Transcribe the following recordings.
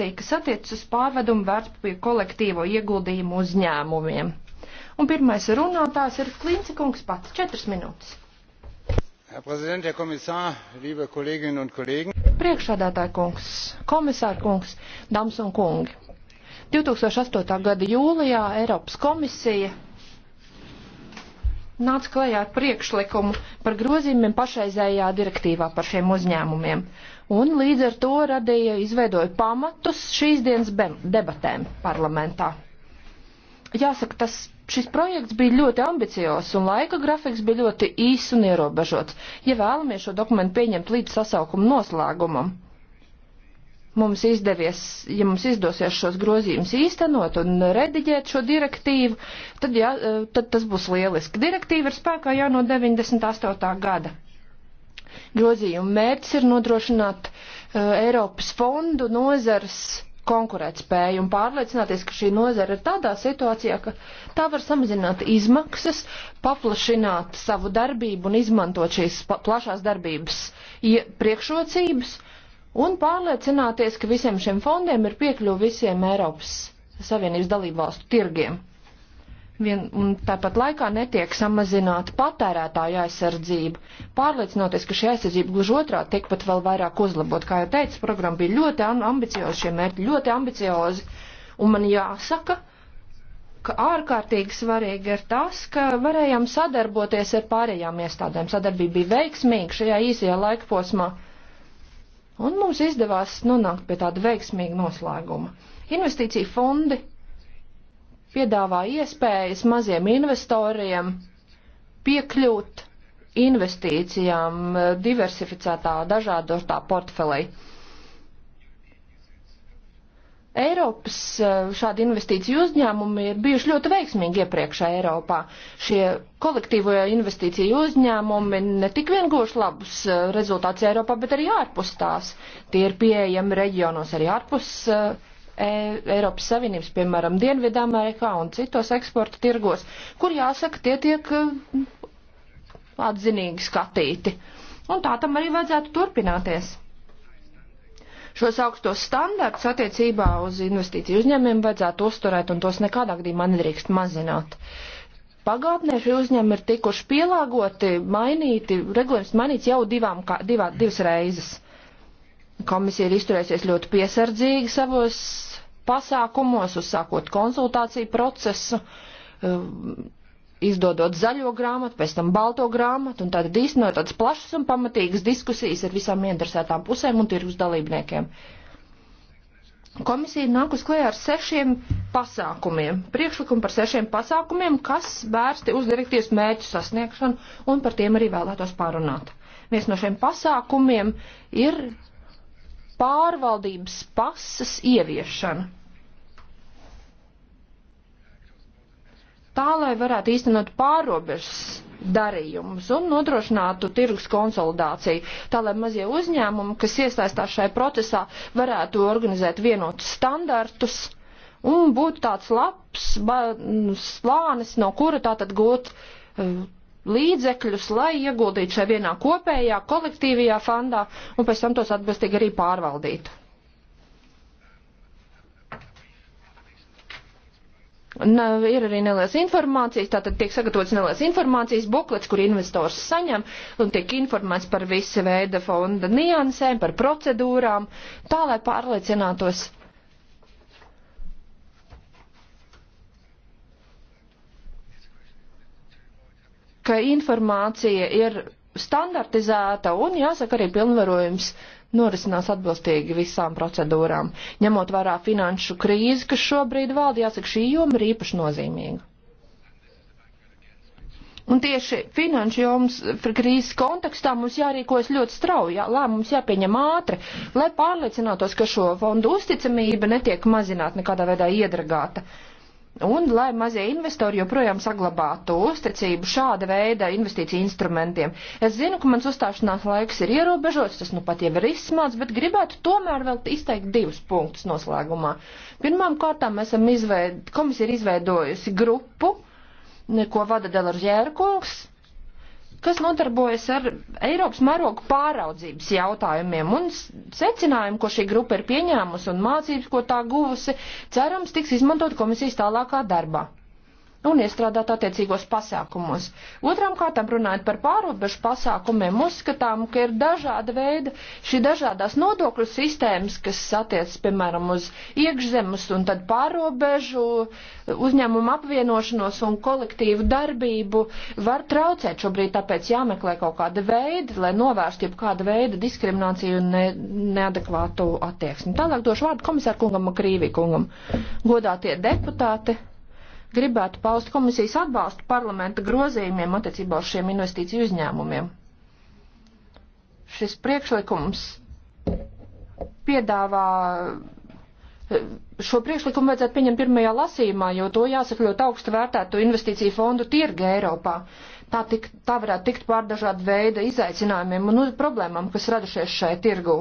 korekcija, kas attiecas uz pārvedumu vērts pie kolektīvo ieguldījumu uzņēmumiem. Un pirmais runātājs ir Klinci kungs pats, četras minūtes. Herr Präsident, Herr Kommissar, liebe Kolleginnen und Kollegen. Priekšādātāja kungs, komisāra kungs, dāmas un kungi. 2008. gada jūlijā Eiropas komisija nāca klajā ar priekšlikumu par grozījumiem pašreizējā direktīvā par šiem uzņēmumiem. Un līdz ar to radīja, izveidoja pamatus šīs dienas debatēm parlamentā. Jāsaka, tas, šis projekts bija ļoti ambiciozs un laika grafiks bija ļoti īss un ierobežots, ja vēlamies šo dokumentu pieņemt līdz sasaukuma noslēgumam mums izdevies, ja mums izdosies šos grozījumus īstenot un rediģēt šo direktīvu, tad, jā, e, tad tas būs lieliski. Direktīva ir spēkā jau no 98. gada. Grozījuma mērķis ir nodrošināt uh, Eiropas fondu nozars konkurētspēju un pārliecināties, ka šī nozara ir tādā situācijā, ka tā var samazināt izmaksas, paplašināt savu darbību un izmantot šīs plašās darbības priekšrocības. Uh, un pārliecināties, ka visiem šiem fondiem ir piekļuva visiem Eiropas Savienības dalībvalstu tirgiem. Vien, un tāpat laikā netiek samazināta patērētāja aizsardzība, pārliecinoties, ka šī aizsardzība gluži otrā tiek pat vēl vairāk uzlabot. Kā jau teicu, programma bija ļoti ambiciozi, šie mērķi ļoti ambiciozi, un man jāsaka, ka ārkārtīgi svarīgi ir tas, ka varējām sadarboties ar pārējām iestādēm. Sadarbība bija veiksmīga šajā īsajā laikposmā. posmā Un mums izdevās nonākt pie tāda veiksmīga noslēguma. Investīcija fondi piedāvā iespējas maziem investoriem piekļūt investīcijām eh, diversificētā dažādotā portfelī. Eiropas eh, šādi investīciju uzņēmumi ir bijuši ļoti veiksmīgi iepriekšā Eiropā. Šie kolektīvo investīciju uzņēmumi ne tik vien goši labus eh, rezultātus Eiropā, bet arī ārpus tās. Tie ir pieejami reģionos arī ārpus eh, e, Eiropas Savienības, piemēram, Dienvidamerikā un citos eksporta tirgos, kur jāsaka, tie tiek atzinīgi skatīti. Un tā tam arī vajadzētu turpināties. Šos augstos standartus attiecībā uz investīciju uzņēmumiem vajadzētu uzturēt un tos nekādā gadījumā nedrīkst mazināt. Pagātnē šie uzņēmumi ir tikuši pielāgoti, mainīti, regulējums mainīts jau divām, kā, divā, divas reizes. Komisija ir izturēsies ļoti piesardzīgi savos pasākumos, uzsākot konsultāciju procesu. Uh, izdodot zaļo grāmatu, pēc tam balto grāmatu, un tātad īstenot tādas plašas un pamatīgas diskusijas ar visām interesētām pusēm un tirgus dalībniekiem. Komisija nāk uz klajā ar sešiem pasākumiem, priekšlikumu par sešiem pasākumiem, kas vērsti uz direktīvas mērķu sasniegšanu, un par tiem arī vēlētos pārunāt. Viens no šiem pasākumiem ir pārvaldības pasas ieviešana tā, lai varētu īstenot pārobežas darījumus un nodrošinātu tirgus konsolidāciju, tā lai mazie uzņēmumi, kas iesaistās šai procesā, varētu organizēt vienotus standartus un būt tāds labs ba, slānis, no kura tātad gūt uh, līdzekļus, lai ieguldītu šajā vienā kopējā kolektīvajā fondā un pēc tam tos atbilstīgi arī pārvaldītu. Na, ir arī nelielas informācijas, tātad tiek sagatavots nelielas informācijas buklets, kur investors saņem un tiek informēts par visu veidu fonda niansēm, par procedūrām, tā lai pārliecinātos. ka informācija ir standartizēta un, jāsaka, arī pilnvarojums uh, norisinās atbilstīgi visām procedūrām. Ņemot vērā finanšu krīzi, kas šobrīd valda, jāsaka, šī joma ir īpaši nozīmīga. Un tieši finanšu jomas krīzes kontekstā mums jārīkojas ļoti strauji, jā, lēmums jāpieņem ātri, lai pārliecinātos, ka šo fondu uzticamība netiek mazināta nekādā veidā iedragāta. Uh, Un, lai mazie investori joprojām saglabātu uzticību šāda veida investīciju instrumentiem, es zinu, ka mans uzstāšanās laiks ir ierobežots, tas nu pat jau ir izsmāts, bet gribētu tomēr vēl izteikt divus punktus noslēgumā. Pirmām kārtām esam izveid, komisija ir izveidojusi grupu, ko vada Delaržēra kungs, kas nodarbojas ar Eiropas mērogu pāraudzības jautājumiem un secinājumu, ko šī grupa ir pieņēmusi un mācības, ko tā guvusi, cerams, tiks izmantot komisijas tālākā darbā un iestrādāt attiecīgos pasākumos. Otrām kārtām runājot par pārobežu pasākumiem, uzskatām, ka ir dažāda veida šī dažādās nodokļu sistēmas, kas attiec, piemēram, uz iekšzemes un tad pārobežu uh, uzņēmumu apvienošanos un kolektīvu darbību, var traucēt šobrīd, tāpēc jāmeklē kaut kāda veida, lai novērstu jau kāda veida diskrimināciju un ne, neadekvātu attieksmi. Tālāk došu vārdu komisāru kungam Makrīvī kungam. Godātie deputāti! gribētu paust komisijas atbalstu parlamenta grozījumiem attiecībā uz šiem investīciju uzņēmumiem. Šis priekšlikums piedāvā šo priekšlikumu vajadzētu pieņemt pirmajā lasījumā, jo to jāsaka ļoti augstu vērtētu investīciju fondu tirgi Eiropā. Tā, tik, tā varētu tikt pār dažādu veidu izaicinājumiem un problēmām, kas radušies šai tirgū.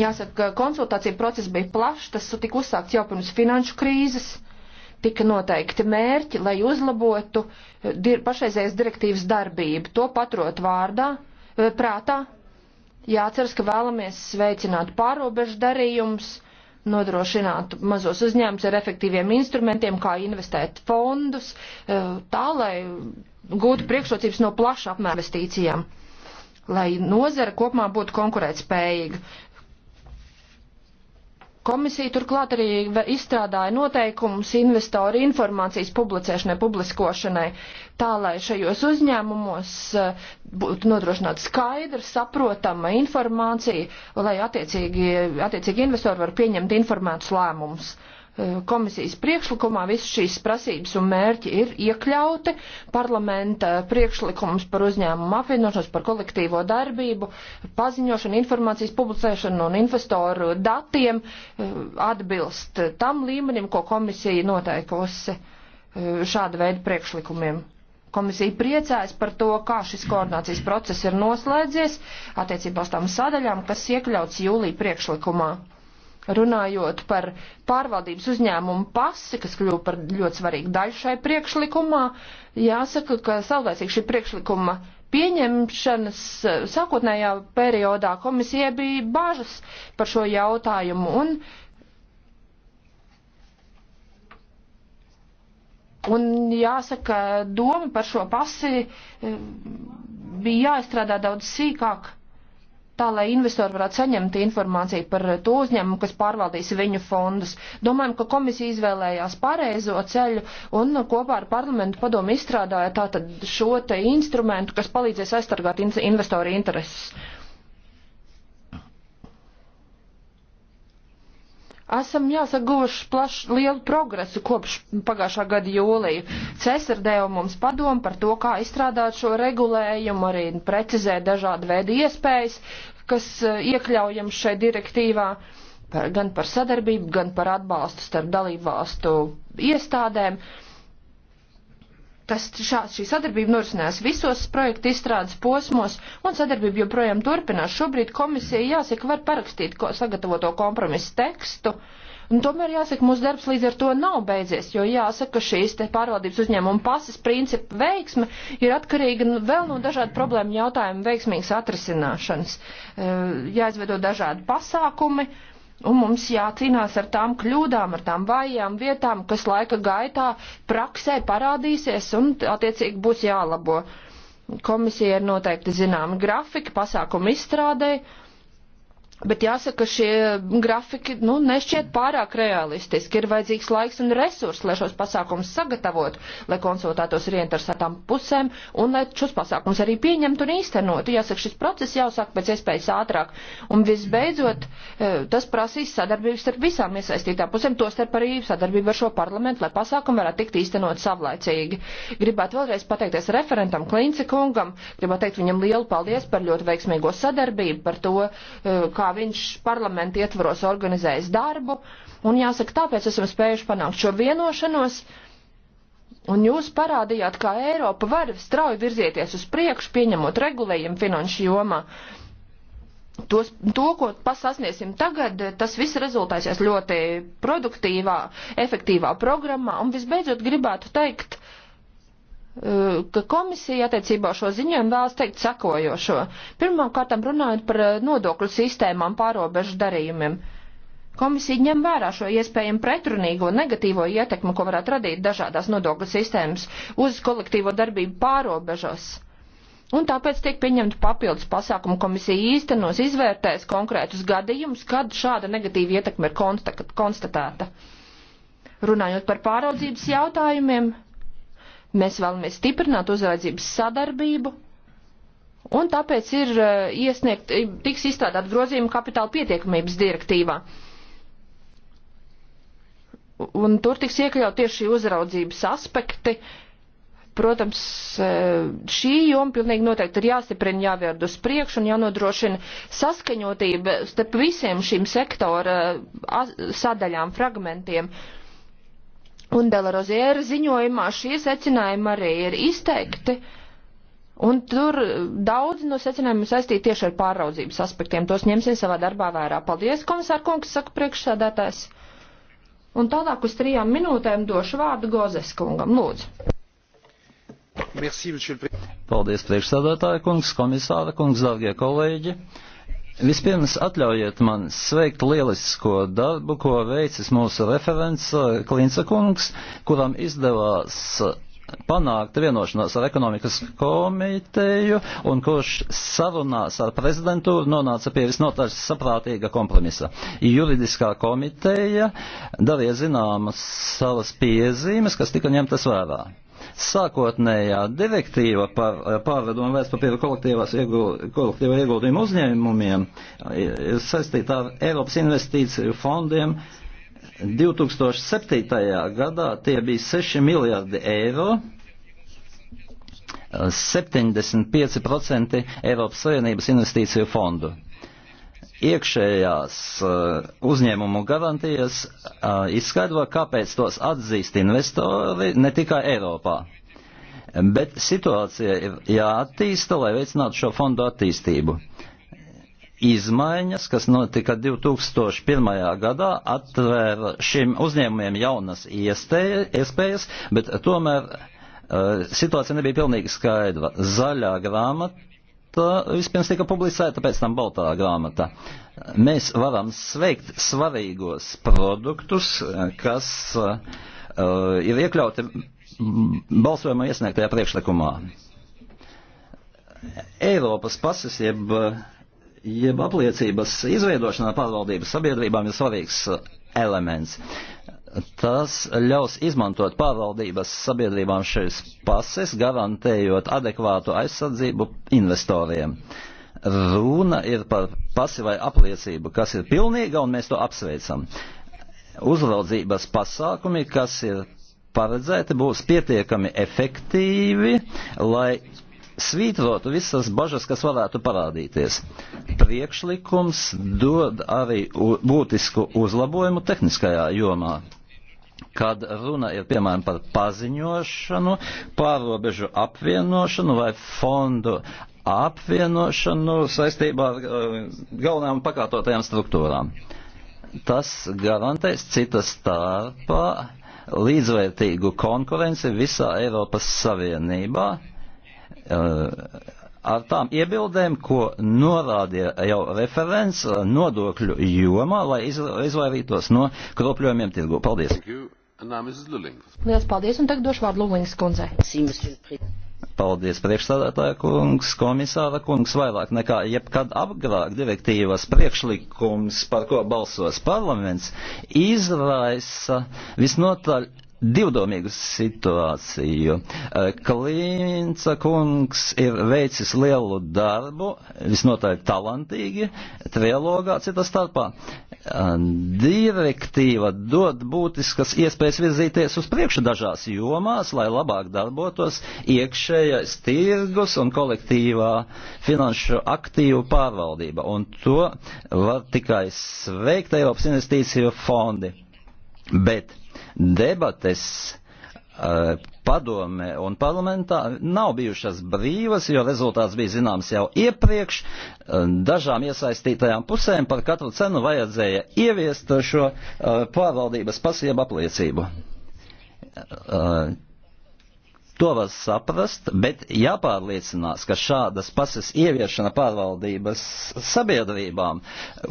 Jāsaka, ka konsultācija process bija plašs, tas tika uzsākts jau pirms finanšu krīzes. Uh, tika noteikti mērķi, lai uzlabotu eh, dir pašreizējas direktīvas darbību. To paturot vārdā, eh, prātā, jāceras, ka vēlamies veicināt pārobežu darījumus, nodrošināt mazos uzņēmumus ar efektīviem instrumentiem, kā investēt fondus, eh, tā, lai gūtu priekšrocības no plaša apmēra investīcijām lai nozara kopumā būtu konkurētspējīga. Komisija turklāt arī izstrādāja noteikumus investoru informācijas publicēšanai, publiskošanai, tā lai šajos uzņēmumos eh, būtu nodrošināta skaidra, saprotama informācija, lai attiecīgi, attiecīgi investori var pieņemt informētus lēmumus. Uh, Eh, komisijas priekšlikumā visas šīs prasības un mērķi ir iekļauti. Parlamenta priekšlikums par uzņēmumu apvienošanos, par kolektīvo darbību, paziņošanu, informācijas publicēšanu un investoru datiem eh, atbilst tam līmenim, ko komisija noteikusi eh, šāda veida priekšlikumiem. Komisija priecājas par to, kā šis koordinācijas process ir noslēdzies attiecībā uz tām sadaļām, kas iekļauts jūlī priekšlikumā Runājot par pārvaldības uzņēmumu pasi, kas kļuva par ļoti svarīgu daļu šai priekšlikumā, jāsaka, ka saulēcīgi šī priekšlikuma pieņemšanas eh, sākotnējā periodā komisija bija bažas par šo jautājumu un Un jāsaka, doma par šo pasi eh, bija jāizstrādā daudz sīkāk tā, lai investori varētu saņemt informāciju par to uzņēmumu, kas pārvaldīs viņu fondus. Domājam, ka komisija izvēlējās pareizo ceļu un kopā ar parlamentu padomu izstrādāja tātad šo te instrumentu, kas palīdzēs aizstargāt investoru intereses. esam, jāsaka, guvuši plaš, lielu progresu kopš pagājušā gada jūlija. Cesar deva mums padomu par to, kā izstrādāt šo regulējumu, arī precizēt dažādu veidu iespējas, kas eh, iekļaujam šai direktīvā, par, gan par sadarbību, gan par atbalstu starp dalību valstu iestādēm. Uh, Tas šā, šī sadarbība norisinās visos projektu izstrādes posmos, un sadarbība joprojām turpinās. Šobrīd komisija, jāsaka, var parakstīt ko, sagatavoto kompromisu tekstu, un tomēr jāsaka, mūsu darbs līdz ar to nav beidzies, jo jāsaka, ka šīs te pārvaldības uzņēmuma pases principa veiksme ir atkarīga nu, vēl no dažādu problēmu jautājumu veiksmīgas atrisināšanas. Jāizveido dažādi pasākumi, Un mums jācīnās ar tām kļūdām, ar tām vājām vietām, kas laika gaitā praksē parādīsies un attiecīgi būs jālabo. Komisija ir noteikti zināma grafika, pasākumu izstrādēji Bet jāsaka, šie grafiki nu, nešķiet pārāk realistiski. Ir vajadzīgs laiks un resursi, lai šos pasākumus sagatavotu, lai konsultētos ar ieinteresētām pusēm un lai šos pasākumus arī pieņemtu un īstenotu. Jāsaka, šis process jāsāk pēc iespējas ātrāk. Un visbeidzot, eh, tas prasīs sadarbības ar visām iesaistītām pusēm, tostarp arī sadarbību ar šo parlamentu, lai pasākumi varētu tikt īstenot savlaicīgi. Gribētu vēlreiz pateikties referentam Klīnce kungam, gribētu teikt viņam lielu paldies par ļoti veiksmīgo sadarbību, par to, eh, kā viņš parlamenta ietvaros organizējis darbu, un jāsaka, tāpēc esam spējuši panākt šo vienošanos, un jūs parādījāt, kā Eiropa var strauji virzieties uz priekšu, pieņemot regulējumu finanšu jomā. Tos, to, ko pasasniesim tagad, tas viss rezultāsies ļoti produktīvā, efektīvā programmā, un visbeidzot gribētu teikt, uh, ka komisija attiecībā šo ziņojumu vēlas teikt sakojošo. Pirmkārt, runājot par eh, nodokļu sistēmām pārobežu darījumiem. Komisija ņem vērā šo iespējamu pretrunīgo negatīvo ietekmi, ko varētu radīt dažādās nodokļu sistēmas uz kolektīvo darbību pārobežos. Un tāpēc tiek pieņemta papildus pasākumu komisija īstenos izvērtēs konkrētus gadījumus, kad šāda negatīva ietekme ir konstatēta. Runājot par pāraudzības jautājumiem, Mēs vēlamies stiprināt uzraudzības sadarbību, un tāpēc ir eh, iesniegt, tiks izstrādāt grozījumu kapitāla pietiekamības direktīvā. Un tur tiks iekļaut tieši uzraudzības aspekti. Protams, eh, šī joma pilnīgi noteikti ir jāstiprina, jāvērd uz priekšu un jānodrošina saskaņotība starp visiem šīm sektora eh, sadaļām, fragmentiem. Uh, Un Delaroziera ziņojumā šie secinājumi arī ir izteikti. Un tur daudz no secinājumiem saistīti tieši ar pāraudzības aspektiem. Tos ņemsim savā darbā vērā. Paldies, komisār kungs, saka priekšsādātājs. Un tālāk uz trijām minūtēm došu vārdu Gozes kungam. Lūdzu. Merci, Paldies, priekšsādātāja kungs, komisāra kungs, dārgie kolēģi. Vispirms atļaujiet man sveikt lielisko darbu, ko veicis mūsu referents eh, Klinca kungs, kuram izdevās eh, panākt vienošanās ar ekonomikas komiteju un kurš sarunās ar prezidentūru nonāca pie visnotaļ saprātīga kompromisa. Juridiskā komiteja darīja zināmas savas piezīmes, kas tika ņemtas vērā. Sākotnējā direktīva par eh, pārvedumu vērtspapīru kolektīvo ieguldījumu uzņēmumiem eh, ir saistīta ar Eiropas investīciju fondiem. 2007. gadā tie bija 6 miljardi eiro, 75% eh, Eiropas Savienības investīciju fondu. Iekšējās eh, uzņēmumu garantijas eh, izskaidro, kāpēc tos atzīst investori ne tikai Eiropā. Bet situācija ir jāattīsta, lai veicinātu šo fondu attīstību izmaiņas, kas notika 2001. gadā, atvēra šiem uzņēmumiem jaunas iespējas, bet tomēr uh, situācija nebija pilnīgi skaidra. Zaļā grāmata vispirms tika publicēta, pēc tam baltā grāmata. Mēs varam sveikt svarīgos produktus, kas uh, ir iekļauti balsojumā iesniegtajā priekšlikumā. Eiropas pasis jeb, jeb apliecības izveidošana pārvaldības sabiedrībām ir svarīgs elements. Uh, Tas ļaus izmantot pārvaldības sabiedrībām šīs pases, garantējot adekvātu aizsardzību investoriem. Runa ir par pasi vai apliecību, kas ir pilnīga, un mēs to apsveicam. Uzraudzības pasākumi, kas ir paredzēti, būs pietiekami efektīvi, lai svītrotu visas bažas, kas varētu parādīties. Priekšlikums dod arī būtisku uzlabojumu tehniskajā jomā kad runa ir piemēram par paziņošanu, pārobežu apvienošanu vai fondu apvienošanu saistībā ar eh, galvenajām pakārtotajām struktūrām. Tas garantēs citas starpā līdzvērtīgu konkurenci visā Eiropas Savienībā eh, ar tām iebildēm, ko norādīja jau referents eh, nodokļu jomā, lai izvairītos no kropļojumiem tirgu. Paldies! Lielas paldies, un tagad došu vārdu Lūviņas kundzei. Paldies, priekšstādātāja kungs, komisāra kungs, vairāk nekā jebkad apgrāk direktīvas priekšlikums, par ko balsos parlaments, izraisa visnotaļ divdomīgu situāciju. Eh, Klīnca kungs ir veicis lielu darbu, visnotaļ talantīgi, trilogā cita starpā. Eh, Direktīva dod būtiskas iespējas virzīties uz priekšu dažās jomās, lai labāk darbotos iekšējais tirgus un kolektīvā finanšu aktīvu pārvaldība. Un to var tikai sveikt Eiropas investīciju fondi. Bet debates uh, padome un parlamentā nav bijušas brīvas, jo rezultāts bija zināms jau iepriekš. Eh, dažām iesaistītajām pusēm par katru cenu vajadzēja ieviest šo uh, pārvaldības pasiebu apliecību. Uh, To var saprast, bet jāpārliecinās, ka šādas pasas ieviešana pārvaldības sabiedrībām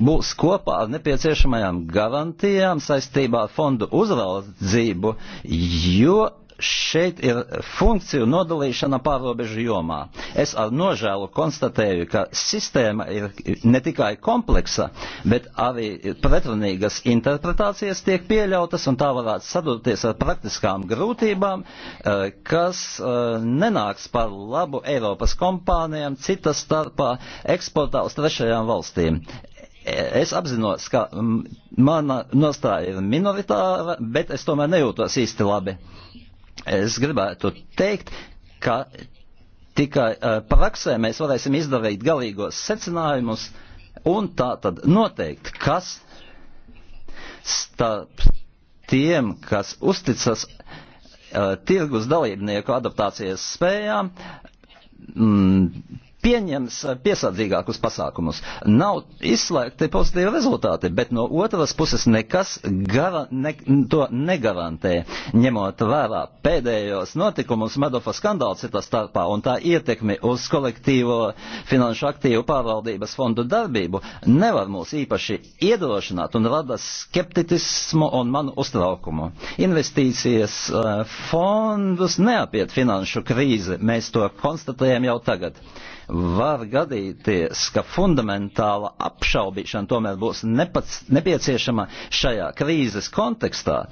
būs kopā ar nepieciešamajām garantijām saistībā ar fondu uzraudzību, jo šeit ir funkciju nodalīšana pārobežu jomā. Es ar nožēlu konstatēju, ka sistēma ir ne tikai kompleksa, bet arī pretrunīgas interpretācijas tiek pieļautas un tā varētu sadurties ar praktiskām grūtībām, eh, kas eh, nenāks par labu Eiropas kompānijām, citas starpā eksportā uz trešajām valstīm es apzinos, ka mm, mana nostāja ir minoritāra, bet es tomēr nejūtos īsti labi. Es gribētu teikt, ka tikai eh, praksē mēs varēsim izdarīt galīgos secinājumus un tā tad noteikt, kas starp tiem, kas uzticas uh, tirgus dalībnieku adaptācijas spējām, mm, pieņems eh, piesardzīgākus pasākumus. Nav izslēgti pozitīvi rezultāti, bet no otras puses nekas gara, ne, to negarantē, ņemot vērā pēdējos notikumus Madofa skandāls citā starpā un tā ietekmi uz kolektīvo finanšu aktīvu pārvaldības fondu darbību nevar mūs īpaši iedrošināt un rada skepticismu un manu uztraukumu. Investīcijas eh, fondus neapiet finanšu krīze, mēs to konstatējam jau tagad var gadīties, ka fundamentāla apšaubīšana tomēr būs nepats, nepieciešama šajā krīzes kontekstā,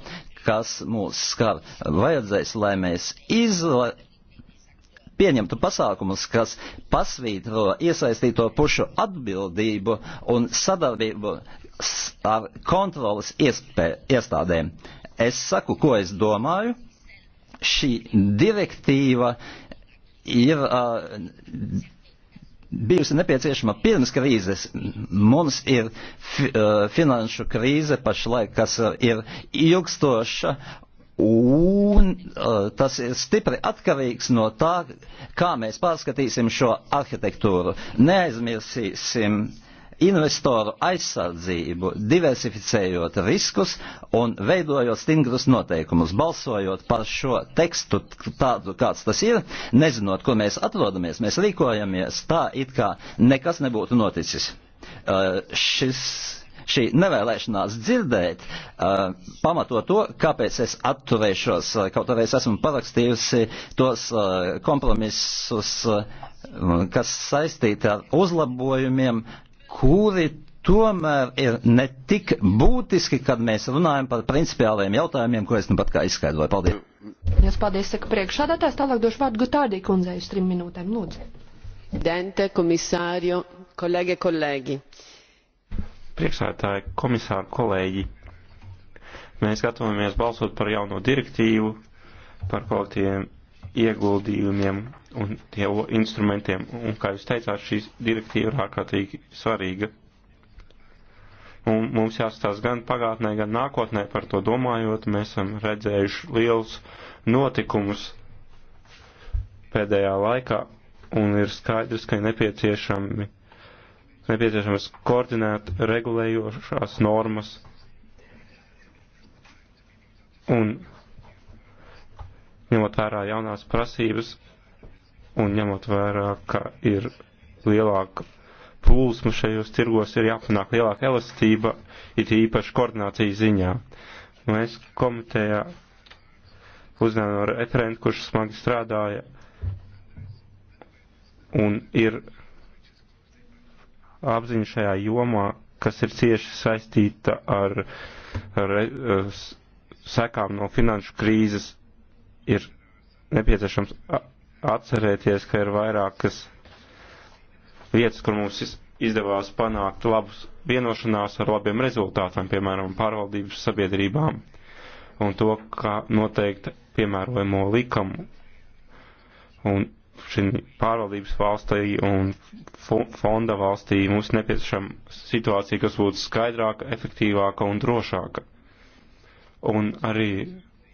kas mūs skar. Vajadzēs, lai mēs izla pieņemtu pasākumus, kas pasvītro iesaistīto pušu atbildību un sadarbību ar kontrolas iespē, iestādēm. Es saku, ko es domāju. Šī direktīva ir uh, bijusi nepieciešama pirms krīzes. Mums ir fi, uh, finanšu krīze pašlaik, kas uh, ir ilgstoša Un uh, tas ir stipri atkarīgs no tā, kā mēs pārskatīsim šo arhitektūru. Neaizmirsīsim uh, investoru aizsardzību, diversificējot riskus un veidojot stingrus noteikumus, balsojot par šo tekstu tādu, kāds tas ir, nezinot, kur mēs atrodamies, mēs rīkojamies tā, it kā nekas nebūtu noticis. Uh, šis šī nevēlēšanās dzirdēt uh, pamato to, kāpēc es atturēšos, uh, kaut arī es esmu parakstījusi tos uh, kompromisus, uh, kas saistīti ar uzlabojumiem, kuri tomēr ir ne tik būtiski, kad mēs runājam par principiāliem jautājumiem, ko es nu pat kā izskaidroju. Paldies! Jūs paldies, saka priekšādātājs, tālāk došu vārdu Gutārdī kundzei uz trim minūtēm, lūdzu. Dente, komisārio, kolēģi, kolēģi. Priekšādātāji, komisāri, kolēģi. Mēs gatavamies balsot par jauno direktīvu par kolektīviem ieguldījumiem un jau instrumentiem. Un, kā jūs teicāt, šī direktīva ir ārkārtīgi svarīga. Un mums jāstāsta gan pagātnē, gan nākotnē par to domājot. Mēs esam redzējuši liels notikumus pēdējā laikā, un ir skaidrs, ka ir nepieciešami, nepieciešams koordinēt regulējošās normas. Un ņemot vērā jaunās prasības un ņemot vērā, ka ir lielāka plūsma šajos tirgos, ir jāpanāk lielāka elastība, it īpaši koordinācijas ziņā. Mēs komitejā uzņēmām no referentu, kurš smagi strādāja un ir apziņa šajā jomā, kas ir cieši saistīta ar, ar, ar sekām no finanšu krīzes ir nepieciešams atcerēties, ka ir vairākas vietas, kur mums izdevās panākt labus vienošanās ar labiem rezultātiem, piemēram, pārvaldības sabiedrībām un to, kā noteikti piemērojamo likumu. Un šī pārvaldības valstī un fonda valstī mums nepieciešama situācija, kas būtu skaidrāka, efektīvāka un drošāka. Un arī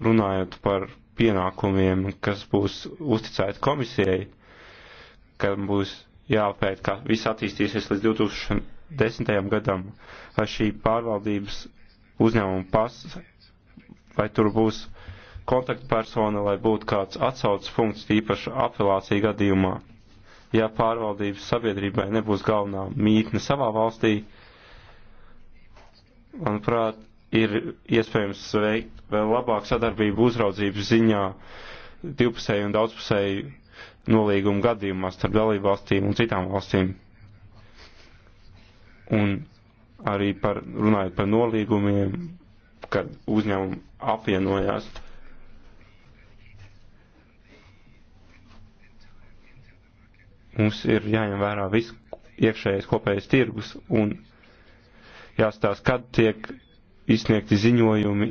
runājot par pienākumiem, kas būs uzticēti komisijai, kam būs jāpēt, kā viss attīstīsies līdz 2010. gadam, vai šī pārvaldības uzņēmuma pas, vai tur būs kontaktpersona, lai būtu kāds atsaucas punkts īpaši apelācija gadījumā. Ja pārvaldības sabiedrībai nebūs galvenā mītne savā valstī, manuprāt, ir iespējams veikt vēl labāku sadarbību uzraudzības ziņā divpusēju un daudzpusēju nolīgumu gadījumā starp dalību valstīm un citām valstīm. Un arī par, runājot par nolīgumiem, kad uzņēmumi apvienojās. Mums ir jāņem vērā viss iekšējais kopējais tirgus un jāstāsta, kad tiek izsniegti ziņojumi,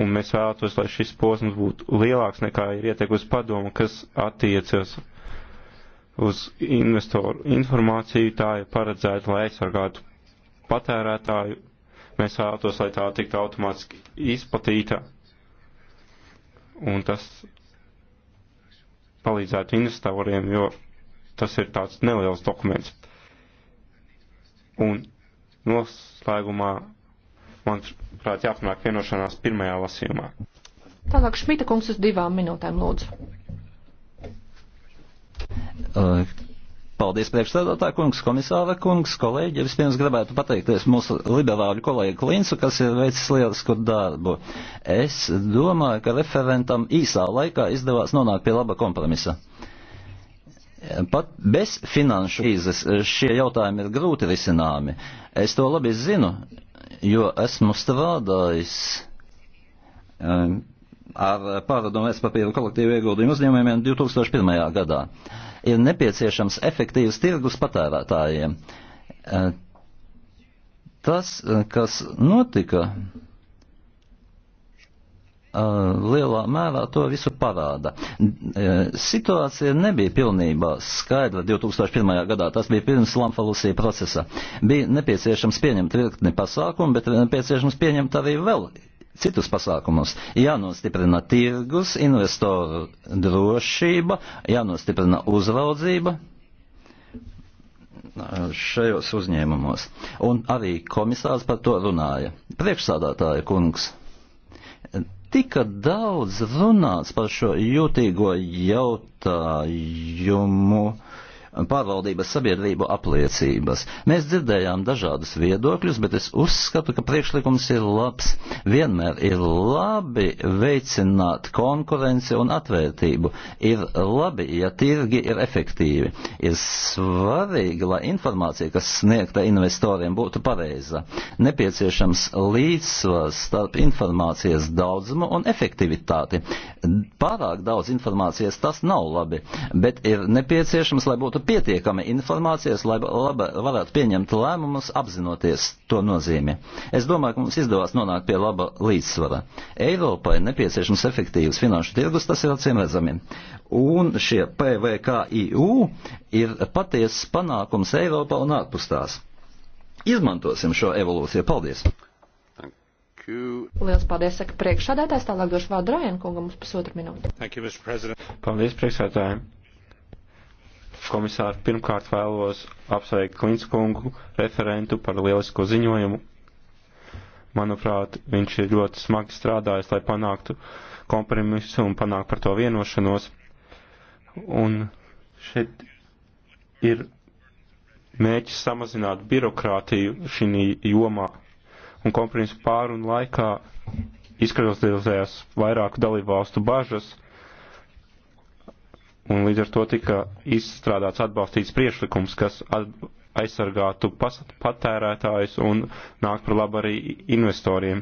un mēs vēlētos, lai šis posms būtu lielāks nekā ir ieteikusi padomu, kas attiecas uz investoru informāciju. Tā ir paredzēta, lai aizsargātu patērētāju. Mēs vēlētos, lai tā tiktu automātiski izplatīta, un tas palīdzētu investoriem, jo tas ir tāds neliels dokuments. Un noslēgumā manuprāt, jāpanāk vienošanās pirmajā lasījumā. Tālāk Šmita kungs uz divām minūtēm lūdzu. Uh. Paldies, priekšstādātā kungs, komisāra kungs, kolēģi. Vispirms gribētu pateikties mūsu liberāļu kolēģi Klinsu, kas ir veicis lielisku darbu. Es domāju, ka referentam īsā laikā izdevās nonākt pie laba kompromisa. Pat bez finanšu krīzes šie jautājumi ir grūti risināmi. Es to labi zinu, jo esmu strādājis um, ar pārdomu vērtspapīru kolektīvu ieguldījumu uzņēmumiem 2001. gadā. Ir nepieciešams efektīvs tirgus patērētājiem. Uh, tas, uh, kas notika lielā mērā to visu parāda. Situācija nebija pilnībā skaidra 2001. gadā, tas bija pirms Lamfalusija procesa. Bija nepieciešams pieņemt virkni pasākumu, bet nepieciešams pieņemt arī vēl citus pasākumus. Jānostiprina tirgus, investoru drošība, jānostiprina uzraudzība šajos uzņēmumos. Un arī komisārs par to runāja. Priekšsādātāja kungs tika daudz runāts par šo jūtīgo jautājumu pārvaldības sabiedrību apliecības. Mēs dzirdējām dažādus viedokļus, bet es uzskatu, ka priekšlikums ir labs. Vienmēr ir labi veicināt konkurenci un atvērtību. Ir labi, ja tirgi ir efektīvi. Ir svarīgi, lai informācija, kas sniegta investoriem, būtu pareiza. Nepieciešams līdzsvars starp informācijas daudzumu un efektivitāti. Pārāk daudz informācijas tas nav labi, bet ir nepieciešams, lai būtu būtu pietiekama informācijas, lai laba, varētu pieņemt lēmumus apzinoties to nozīmi. Es domāju, ka mums izdevās nonākt pie laba līdzsvara. Eiropai nepieciešams efektīvs finanšu tirgus, tas ir acīm redzami. Un šie PVKIU ir patiesas panākums Eiropā un ārpus tās. Izmantosim šo evolūciju. Paldies! Liels paldies, saka priekšsādātājs, tālāk došu vārdu Rajankungam uz pusotru minūti. You, Paldies, priekšsādātājiem! komisāri, pirmkārt vēlos apsveikt Klinskungu referentu par lielisko ziņojumu. Manuprāt, viņš ir ļoti smagi strādājis, lai panāktu kompromisu un panāktu par to vienošanos. Un šeit ir mēģis samazināt birokrātiju šī jomā. Un kompromisu pārunu laikā izkristalizējās vairāku dalību valstu bažas Un līdz ar to tika izstrādāts atbalstīts priešlikums, kas aizsargātu patērētājus un nāk par labu arī investoriem.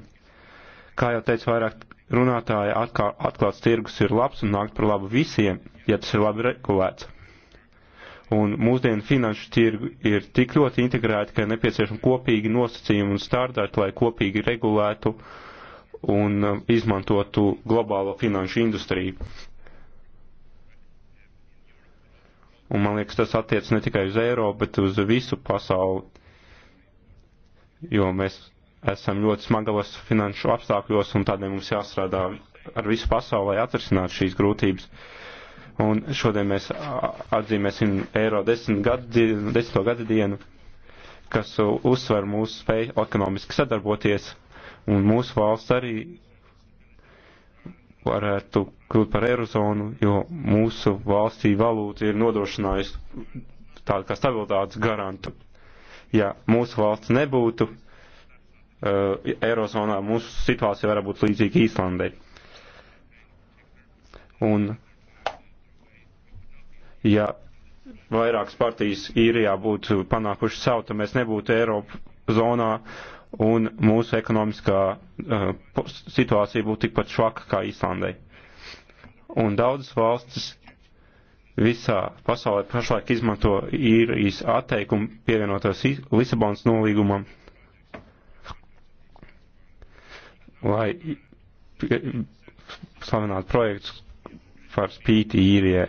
Kā jau teicu, vairāk runātāja atkā, atklāts tirgus ir labs un nāk par labu visiem, ja tas ir labi regulēts. Un mūsdienu finanšu tirgu ir tik ļoti integrēti, ka ir nepieciešami kopīgi nosacījumi un stārdēti, lai kopīgi regulētu un um, izmantotu globālo finanšu industriju. Un man liekas, tas attiec ne tikai uz Eiropu, bet uz visu pasauli. Jo mēs esam ļoti smagavas finanšu apstākļos un tādēļ mums jāstrādā ar visu pasauli, lai atrisināt šīs grūtības. Un šodien mēs atzīmēsim Eiro desmit gadi, desmito gadu dienu, kas uzsver mūsu spēju ekonomiski sadarboties. Un mūsu valsts arī varētu kļūt par eirozonu, jo mūsu valstī valūta ir nodrošinājusi tādu kā stabilitātes garantu. Ja mūsu valsts nebūtu uh, eirozonā, mūsu situācija varētu būt līdzīga Īslandē. Un ja vairākas partijas īrijā būtu panākuši savu, tad mēs nebūtu Eiropa zonā un mūsu ekonomiskā uh, situācija būtu tikpat švaka kā Īslandai. Un daudzas valstis visā pasaulē pašlaik izmanto īrijas atteikumu pievienoties Lisabonas nolīgumam, lai slavinātu projektus par spīti īrijai.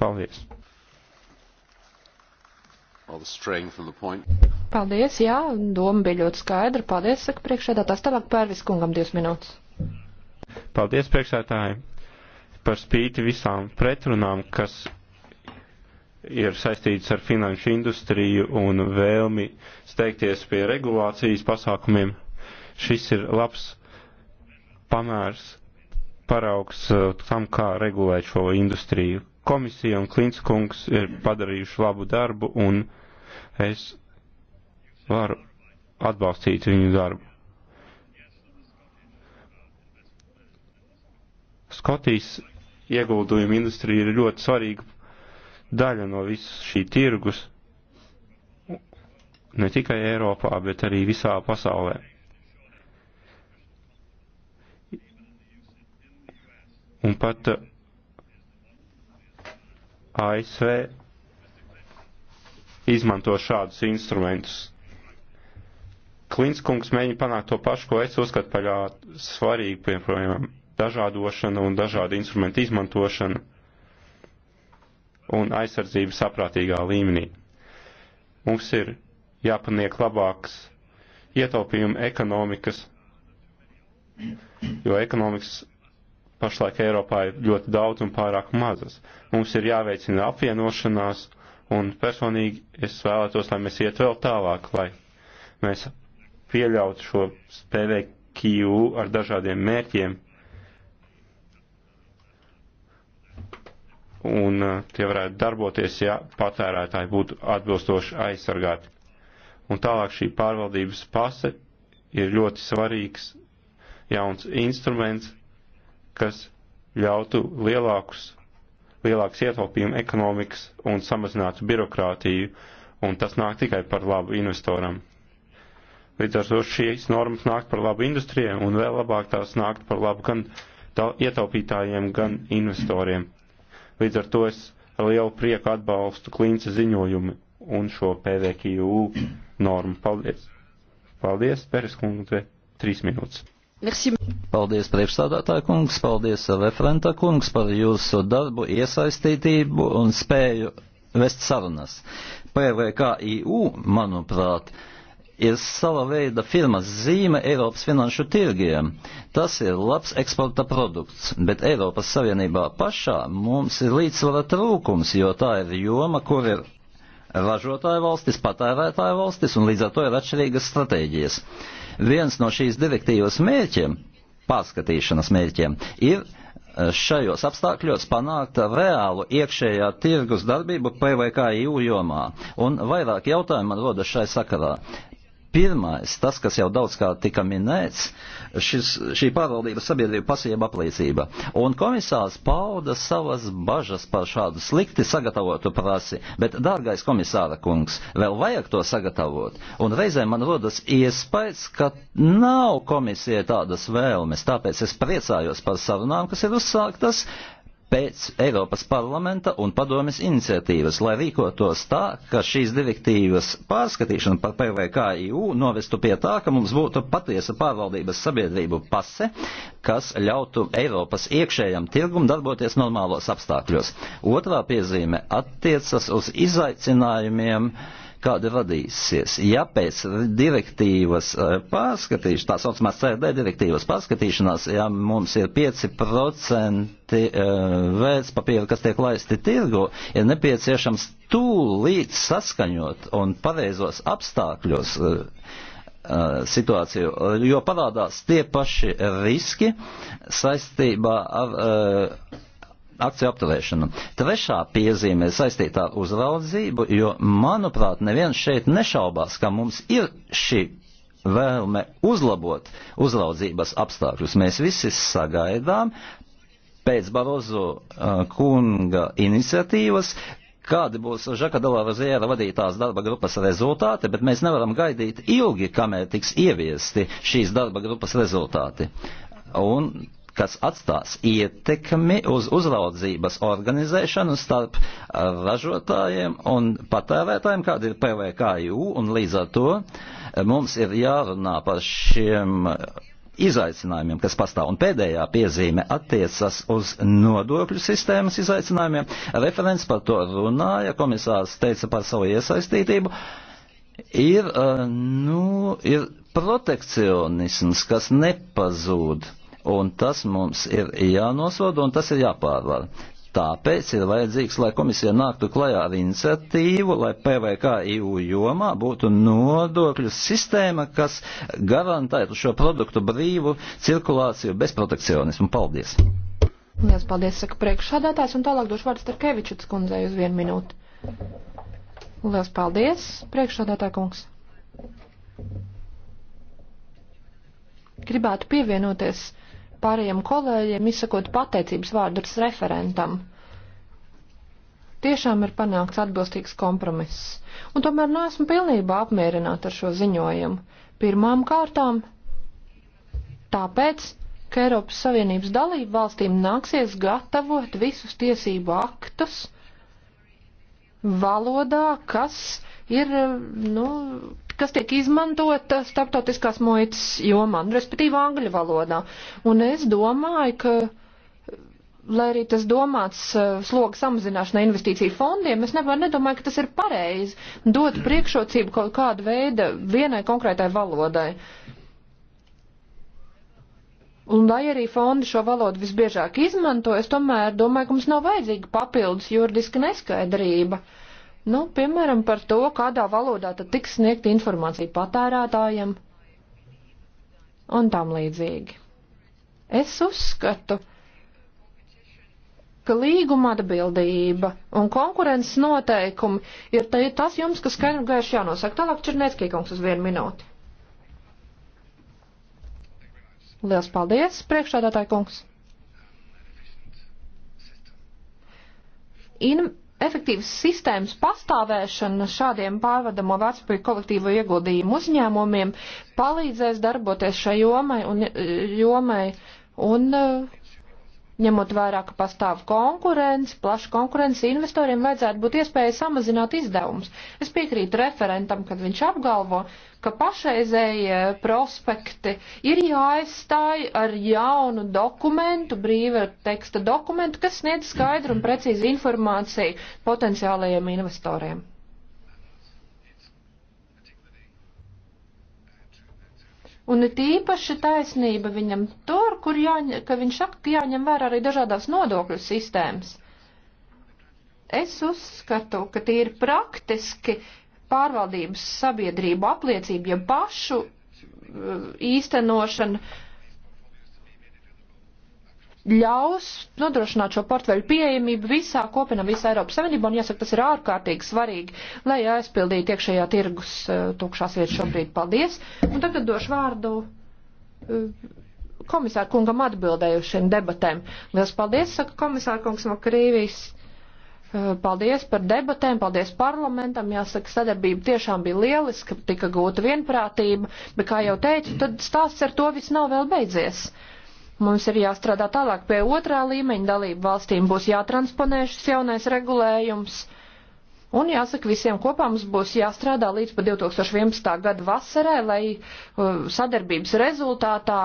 Paldies! Paldies, jā, doma bija ļoti skaidra. Paldies, saka priekšēdā. Tās tālāk pērvis kungam divas minūtes. Paldies, priekšētāji. Par spīti visām pretrunām, kas ir saistīts ar finanšu industriju un vēlmi steigties pie regulācijas pasākumiem. Šis ir labs pamērs, paraugs uh, tam, kā regulēt šo industriju. Komisija un Klinskungs ir padarījuši labu darbu un Es varu atbalstīt viņu darbu. Skotijas ieguldījuma industrija ir ļoti svarīga daļa no visas šī tirgus, ne tikai Eiropā, bet arī visā pasaulē. Un pat eh, ASV izmanto šādus instrumentus. Klinskungs mēģina panākt to pašu, ko es uzskatu par svarīgu, piemēram, dažādošana un dažādu instrumentu izmantošana un aizsardzība saprātīgā līmenī. Mums ir jāpaniek labāks ietaupījumu ekonomikas, jo ekonomikas pašlaik Eiropā ir ļoti daudz un pārāk mazas. Mums ir jāveicina apvienošanās, uh, Un personīgi es vēlētos, lai mēs iet vēl tālāk, lai mēs pieļautu šo PVQ ar dažādiem mērķiem. Un uh, tie varētu darboties, ja patērētāji būtu atbilstoši aizsargāti. Un tālāk šī pārvaldības pase ir ļoti svarīgs jauns instruments, kas ļautu lielākus lielāks ietaupījumu ekonomikas un samazinātu birokrātiju, un tas nāk tikai par labu investoram. Līdz ar to šīs normas nāk par labu industrijai, un vēl labāk tās nāk par labu gan ietaupītājiem, gan investoriem. Līdz ar to es ar lielu prieku atbalstu klīnce ziņojumu un šo PVQU normu. Paldies! Paldies, Peres kundze, trīs minūtes. Merci. Paldies priekšstādātāja kungs, paldies referenta kungs par jūsu darbu, iesaistītību un spēju vest sarunas. PVKIU, manuprāt, ir sava veida firmas zīme Eiropas finanšu tirgiem. Tas ir labs eksporta produkts, bet Eiropas Savienībā pašā mums ir līdzsvara trūkums, jo tā ir joma, kur ir ražotāju valstis, patērētāju valstis, un līdz ar to ir atšķirīgas stratēģijas. Viens no šīs direktīvas mērķiem, pārskatīšanas mērķiem, ir eh, šajos apstākļos panākt reālu iekšējā tirgus darbību PVKIU jomā. Un vairāk jautājumu man rodas šai sakarā. Pirmais, tas, kas jau daudz kā tika minēts, šis, šī pārvaldības sabiedrība pasieba apliecība. Un komisārs pauda savas bažas par šādu slikti sagatavotu prasi, bet, dārgais komisāra kungs, vēl vajag to sagatavot. Un reizēm man rodas iespējas, ka nav komisija tādas vēlmes, tāpēc es priecājos par sarunām, kas ir uzsāktas, pēc Eiropas parlamenta un padomes iniciatīvas, lai rīkotos tā, ka šīs direktīvas pārskatīšana par PVKIU novestu pie tā, ka mums būtu patiesa pārvaldības sabiedrību pase, kas ļautu Eiropas iekšējam tirgum darboties normālos apstākļos. Otrā piezīme attiecas uz izaicinājumiem uh, kāda radīsies. Ja pēc direktīvas eh, pārskatīšanas, tā saucamās CRD direktīvas pārskatīšanās, ja mums ir 5% eh, vērtspapīra, kas tiek laisti tirgu, ir nepieciešams tūlīt saskaņot un pareizos apstākļos eh, situāciju, jo parādās tie paši riski saistībā ar uh, akciju apturēšanu. Trešā piezīme ir saistīta ar uzraudzību, jo, manuprāt, neviens šeit nešaubās, ka mums ir šī vēlme uzlabot uzraudzības apstākļus. Mēs visi sagaidām pēc Barozo uh, kunga iniciatīvas, kādi būs Žaka Delāra Ziera vadītās darba grupas rezultāti, bet mēs nevaram gaidīt ilgi, kamēr tiks ieviesti šīs darba grupas rezultāti. Un kas atstās ietekmi uz uzraudzības organizēšanu starp uh, ražotājiem un patērētājiem, kāda ir PVKU, un līdz ar to uh, mums ir jārunā par šiem uh, izaicinājumiem, kas pastāv. Un pēdējā piezīme attiecas uz nodokļu sistēmas izaicinājumiem. Referents par to runāja, komisārs teica par savu iesaistītību. Ir, nu, ir protekcionisms, kas nepazūd. Uh, Un tas mums ir jānosoda un tas ir jāpārvar. Tāpēc ir vajadzīgs, lai komisija nāktu klajā ar iniciatīvu, lai PVK EU jomā būtu nodokļu sistēma, kas garantētu šo produktu brīvu cirkulāciju bez protekcionismu. Paldies! Lielas paldies, saka priekšsādātājs, un tālāk došu vārdu Starkevičuts kundzei uz vienu minūti. Lielas paldies, priekšsādātāj kungs. Gribētu pievienoties pārējiem kolēģiem, izsakot pateicības vārdus referentam. Tiešām ir panākts atbilstīgs kompromiss, un tomēr neesmu pilnībā apmierināta ar šo ziņojumu. Pirmām kārtām tāpēc, ka Eiropas Savienības dalību valstīm nāksies gatavot visus tiesību aktus valodā, kas ir, nu, kas tiek izmantota starptautiskās muitas jomā, nu, respektīvi angļu valodā. Un es domāju, ka lai arī tas domāts eh, sloga samazināšana investīciju fondiem, es nevar nedomāju, ka tas ir pareizi dot priekšrocību kaut kādu veidu vienai konkrētai valodai. Un lai arī fondi šo valodu visbiežāk izmanto, es tomēr domāju, ka mums nav vajadzīga papildus juridiska neskaidrība. Uh, Nu, piemēram, par to, kādā valodā tad tiks sniegta informācija patērētājiem un tam līdzīgi. Es uzskatu, ka līguma atbildība un konkurences noteikumi ir tā, tas jums, kas skaidri gaiši jānosaka. Tālāk Černēckī kungs uz vienu minūti. Liels paldies, priekšādātāji kungs. In efektīvas sistēmas pastāvēšana šādiem pārvadamo vecpapīru kolektīvo ieguldījumu uzņēmumiem palīdzēs darboties šai jomai un, eh, jomai un eh, Ņemot vērā, ka pastāv konkurence, plaša konkurence, investoriem vajadzētu būt iespēja samazināt izdevumus. Es piekrītu referentam, kad viņš apgalvo, ka pašreizējie eh, prospekti ir jāaizstāj ar jaunu dokumentu, brīva teksta dokumentu, kas sniedz skaidru un precīzu informāciju potenciālajiem investoriem. Un it īpaši taisnība viņam tur, kur jāņem, ka viņš saka, ka jāņem vērā arī dažādās nodokļu sistēmas. Es uzskatu, ka tie ir praktiski pārvaldības sabiedrību apliecība, ja pašu uh, īstenošana ļaus nodrošināt šo portfeļu pieejamību visā kopienam, visā Eiropas Savienībā, un jāsaka, tas ir ārkārtīgi svarīgi, lai aizpildītu iekšējā tirgus eh, tukšās vietas šobrīd. Paldies! Un tagad došu vārdu eh, komisāru kungam atbildējušiem debatēm. Liels paldies, saka komisāru kungs no Krīvijas. Eh, paldies par debatēm, paldies parlamentam. Jāsaka, sadarbība tiešām bija lieliska, tika gūta vienprātība, bet, kā jau teicu, tad stāsts ar to viss nav vēl beidzies. Uh, Mums ir jāstrādā tālāk pie otrā līmeņa dalību valstīm, būs jātransponē šis jaunais regulējums. Un jāsaka, visiem kopā mums būs jāstrādā līdz pa 2011. gada vasarai, lai uh, sadarbības rezultātā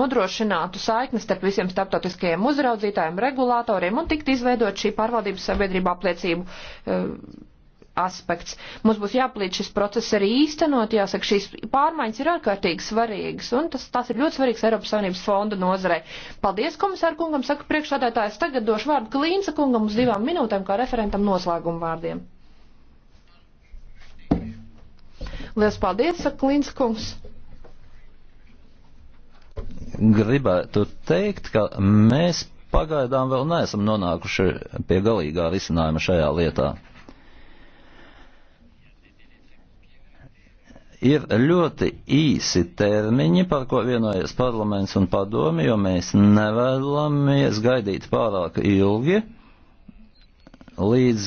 nodrošinātu saiknes starp visiem starptautiskajiem uzraudzītājiem, regulātoriem un tikt izveidot šī pārvaldības sabiedrība apliecību uh, aspekts. Mums būs jāpalīdz šis process arī īstenot, jāsaka, šīs pārmaiņas ir ārkārtīgi svarīgas, un tas, tas ir ļoti svarīgs Eiropas Savienības fonda nozarei. Paldies, komisāra kungam, saka priekšādātājs, tagad došu vārdu Klīnsa kungam uz divām minūtēm kā referentam noslēguma vārdiem. Lielas paldies, saka Klīnsa kungs. Gribētu teikt, ka mēs pagaidām vēl neesam nonākuši pie galīgā risinājuma šajā lietā. ir ļoti īsi termiņi, par ko vienojas parlaments un padomi, jo mēs nevēlamies gaidīt pārāk ilgi, līdz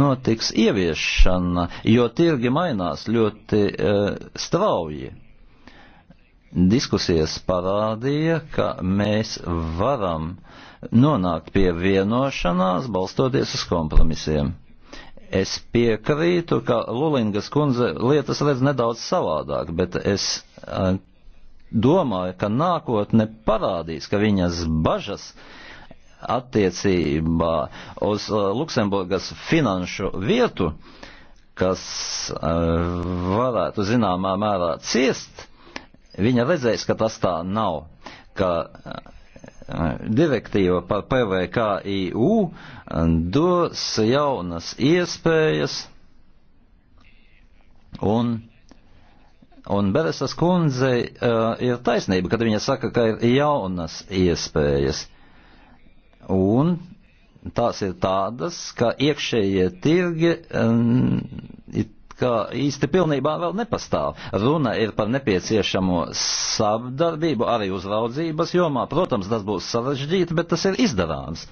notiks ieviešana, jo tirgi mainās ļoti uh, strauji. Diskusijas parādīja, ka mēs varam nonākt pie vienošanās, balstoties uz kompromisiem. Es piekrītu, ka Lulingas kundze lietas redz nedaudz savādāk, bet es domāju, ka nākotne parādīs, ka viņas bažas attiecībā uz Luksemburgas finanšu vietu, kas varētu zināmā mērā ciest, viņa redzēs, ka tas tā nav, ka direktīva par PVKIU dos jaunas iespējas un, un Beresas kundze uh, ir taisnība, kad viņa saka, ka ir jaunas iespējas. Un tās ir tādas, ka iekšējie tirgi um, eh, ir ka īsti pilnībā vēl nepastāv. Runa ir par nepieciešamo sadarbību arī uzraudzības jomā. Protams, tas būs sarežģīti, bet tas ir izdarāms.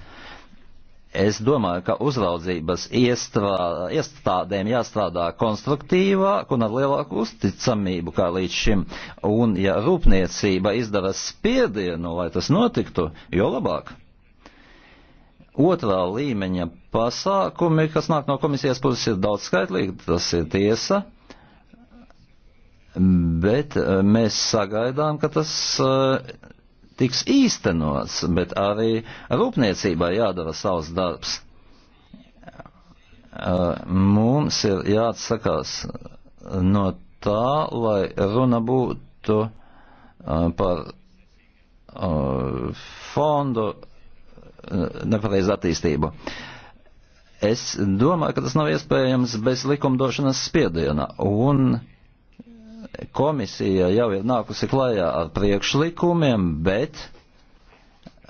Es domāju, ka uzraudzības iestrā, iestādēm jāstrādā konstruktīvāk un ar lielāku uzticamību kā līdz šim. Un ja rūpniecība izdara spiedienu, lai tas notiktu, jo labāk otrā līmeņa pasākumi, kas nāk no komisijas puses, ir daudz skaitlīgi, tas ir tiesa, bet e, mēs sagaidām, ka tas e, tiks īstenots, bet arī rūpniecībai jādara savs darbs. E, mums ir jāatsakās no tā, lai runa būtu par fondu nepareizu attīstību. Es domāju, ka tas nav iespējams bez likumdošanas spiediena, un komisija jau ir nākusi klajā ar priekšlikumiem, bet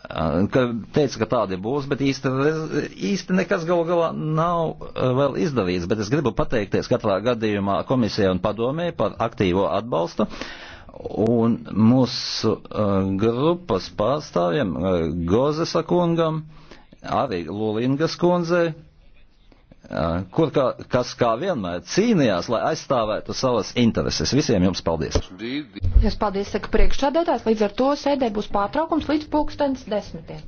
ka teica, ka tādi būs, bet īsti, īsti nekas gal galā nav vēl izdarīts. Bet es gribu pateikties katrā gadījumā komisijai un padomē par aktīvo atbalstu. Uh, un mūsu uh, grupas pārstāvjiem, uh, Gozesa kungam, arī Lulingas kundzei, uh, kur kā, kas kā vienmēr cīnījās, lai aizstāvētu savas intereses. Visiem jums paldies! Es paldies, saka priekšsādētājs, līdz ar to sēdē būs pārtraukums līdz pulkstens desmitiem.